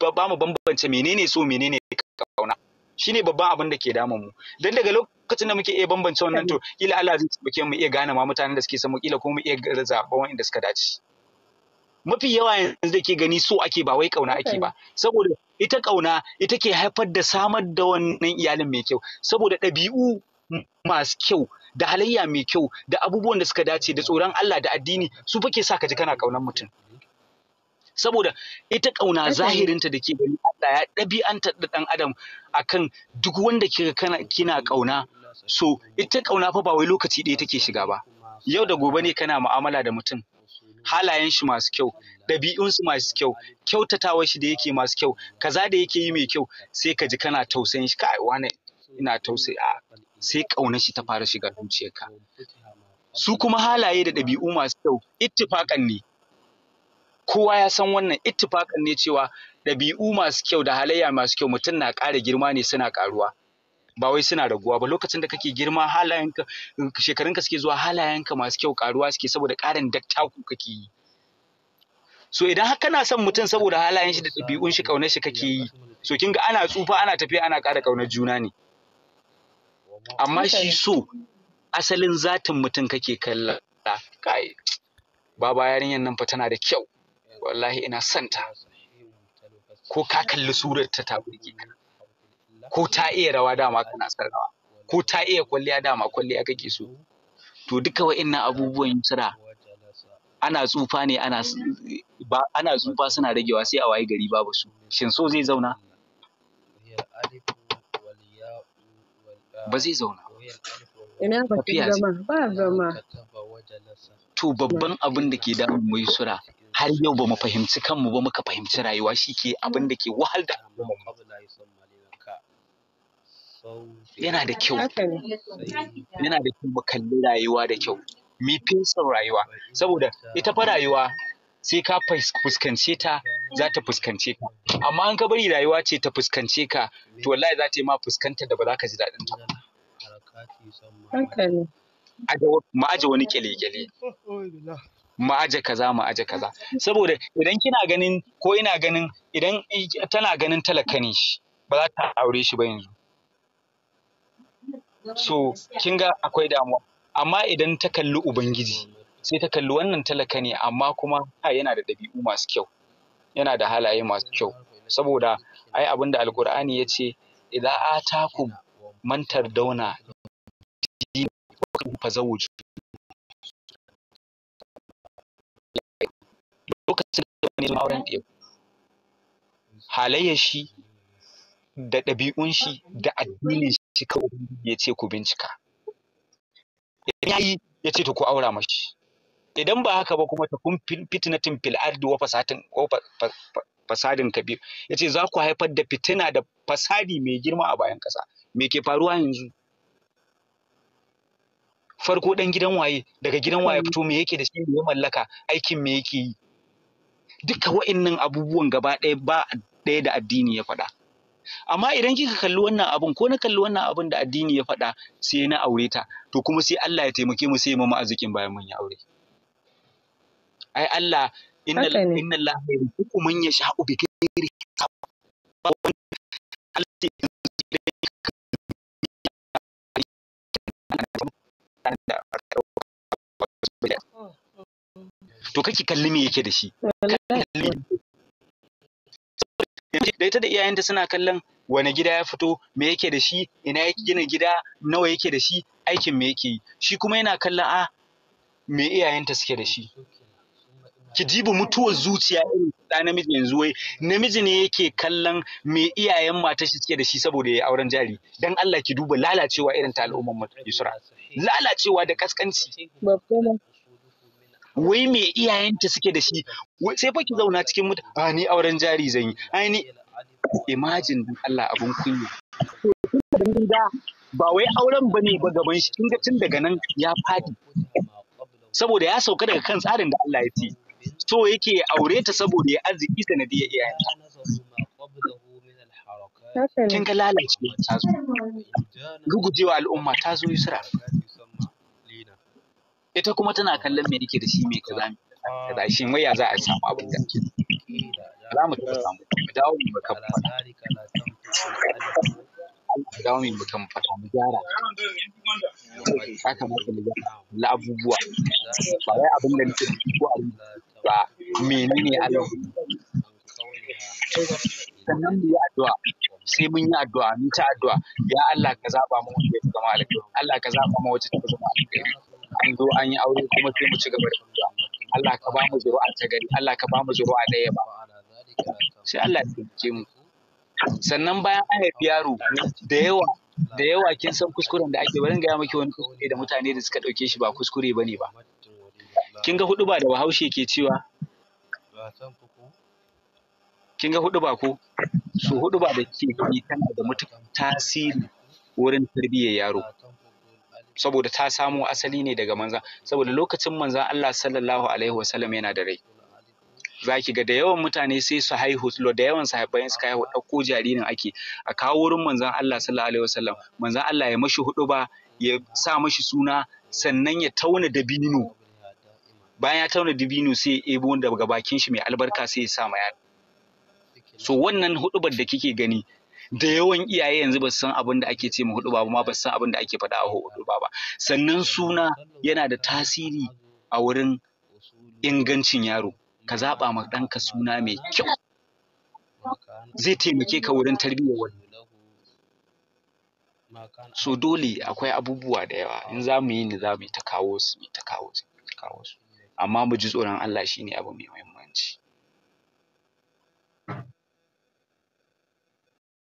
ba mu bambance menene so menene kauna shine babban abin da ke damun mu dan daga lokacin da muke iya bambance wannan to kila Allah zai taimake mu iya gane ma mutanen da suke son mu kila kuma mu iya zaɓa wanda suka dace mafi yawa yanzu da ke gani so ake ba wai kauna ake ba saboda ita kauna ita ke haifar da samar da wannan iyalin mai kyau saboda ɗabi'u masu kyau da halayya mai kyau da abubuwan da suka dace da tsoron Allah da addini su fa ke sa ka ji kana kaunar mutum saboda ita ƙauna zahirinta da ke gani Allah ya da ɗan adam akan duk wanda kina ƙauna so ita ƙauna fa ba wai lokaci ɗaya take shiga ba yau da gobe ne kana mu'amala da mutum halayen shi masu kyau ɗabi'unsu masu kyau kyautatawar shi da yake masu kyau kaza da yake yi mai kyau sai ka ji kana tausayin shi kai wani ina tausayi a sai ƙaunar shi ta fara shiga zuciyarka su kuma halaye da ɗabi'u masu kyau ittifaƙan ne kowa ya san wannan ittifakan ne cewa ɗabi'u masu kyau da halayya masu kyau mutum na ƙara girma ne suna ƙaruwa ba wai suna raguwa ba lokacin da kake girma halayenka shekarunka suke zuwa halayenka masu kyau ƙaruwa suke saboda ƙarin dattaku kake yi so idan har kana son mutum saboda halayen shi da ɗabi'un shi ƙaunar shi kake yi so kin ga ana tsufa ana tafiya ana ƙara ƙaunar juna ne amma shi so asalin zatin mutum kake kalla kai baba yarinyar nan fa tana da kyau wallahi ina son ta ko ka kalli surarta ta burge ka ko ta iya rawa dama kana sarrawa ko ta iya kwalliya dama kwalliya kake so to duka wa'annan abubuwan sira ana tsufa ne ana ba ana tsufa suna ragewa sai a waye gari babu su shin so zai zauna ba zai zauna ina ba zama ba zama to babban abin da ke damun mai sura har yau ba mu fahimci kanmu ba muka fahimci rayuwa shi ke abin da ke wahal da yana da kyau yana da kyau mu kalli rayuwa da kyau mi fesa rayuwa saboda ita fa rayuwa sai ka fuskance ta za ta fuskance ka amma an ka bari rayuwa ce ta fuskance ka to wallahi za ta yi ma fuskanta da ba za ka ji daɗin ta ba. da wani kyale-kyale mu aje kaza mu aje kaza saboda idan kina ganin ko ina ganin idan tana ganin talaka ne shi ba za ta aure shi ba yanzu so kin ga akwai damuwa amma idan ta kalli ubangiji sai ta kalli wannan talaka ne amma kuma ha yana da ɗabi'u masu kyau yana da halaye masu kyau saboda ai abinda da alkur'ani ya ce idan atakum mantar dauna fa zawuju lokacin da wani zama auren ɗaya halayyar shi da ɗabi'un shi da addinin shi kawai ya ce ku bincika idan yayi ya ce to ku aura mashi idan ba haka ba kuma ta kun fitnatin fil ardi wa fasadin fasadin kabir ce, za ku haifar da fitina da fasadi mai girma a bayan kasa? me ke faruwa yanzu farko dan gidan waye daga gidan waye fito me yake da shi ya mallaka aikin me yake yi duka wa'innan abubuwan gaba ɗaya ba ɗaya da addini ya faɗa amma idan kika kalli wannan abun ko na kalli wannan abun da addini ya faɗa sai na aure ta to kuma sai Allah ya taimake mu sai mu arzikin bayan mun yi aure ai Allah inna inna Allah yarzuqu man yasha'u bi to kake kalli me yake da shi da ita da iyayenta suna kallon wani gida ya fito me yake da shi ina yake gina gida nawa yake da shi aikin me yake yi shi kuma yana kallon a ah, me iyayenta suke da shi ki jibi mutuwar zuciya irin da namiji yanzu wai namiji ne yake kallon me iyayen mata shi suke da shi saboda yayi auren jari dan Allah ki duba lalacewa irin ta al'ummar mu Yusra lalacewa da kaskanci wai me iyayenta suke da shi sai fa ki zauna cikin mutu a ni auren jari zan yi a ni imagine dan Allah abun kunya ba wai auren ba ne ba gaban shi kinga tun daga nan ya fadi saboda ya sauka daga kan tsarin da Allah ya ci so yake aure ta saboda ya arziki sanadiyar iyayenta kin ga lalacewa ta zo gugujewa al'umma ta zo yusra ita kuma tana kallon me nake da shi me kaza kaza shi mai ya za a samu abin da ke za mu ta samu mu dawo mu muka fada mu dawo mu kan fada mu gyara ya kamata mu gyara abubuwa ba wai abin da nake ko abin ba menene Allah sannan mu yi addu'a sai mun yi addu'a mun ta addu'a ya Allah ka zaba mu wanda ya zama alƙairi Allah ka zaba mu wacce ta zama alƙairi an zo an yi aure kuma sai mu ci gaba da addu'a Allah ka ba mu zuru'a ta gari Allah ka ba mu a ɗaya ba, sai Allah ya ce mu sannan bayan an haifi yaro da yawa da yawa kin san kuskuren da ake barin gaya maki wani kuskure da mutane da suka ɗauke shi ba kuskure bane ba kin ga hudu ba da bahaushe ke cewa kin ga hudu ba ko su hudu ba da ke yi tana da matuƙar tasiri wurin tarbiyyar yaro saboda ta samo asali ne daga manzan saboda lokacin manzan Allah sallallahu alaihi wasallam yana da rai za ki ga da yawan mutane sai su haihu da yawan sahabbai suka haihu ɗauko jaririn ake a kawo wurin manzan Allah sallallahu alaihi wasallam manzan Allah ya mashi hudu ba ya sa mashi suna sannan ya tauna dabino bayan ya tauna dabino sai ya ebo daga bakin shi mai albarka sai ya sa ma so wannan hudubar da kike gani da yawan iyaye yanzu ba su san abin da ake ce ma hudu ba ma ba san abin da ake faɗa a hudu ba sannan suna yana da tasiri a wurin ingancin yaro ka zaba ma ɗanka suna mai kyau zai taimake ka wurin tarbiyyar wani so dole akwai abubuwa da yawa in za mu yi ni za mu yi ta kawo su mu ta kawo su amma mu ji tsoron Allah shi ne abu mai muhimmanci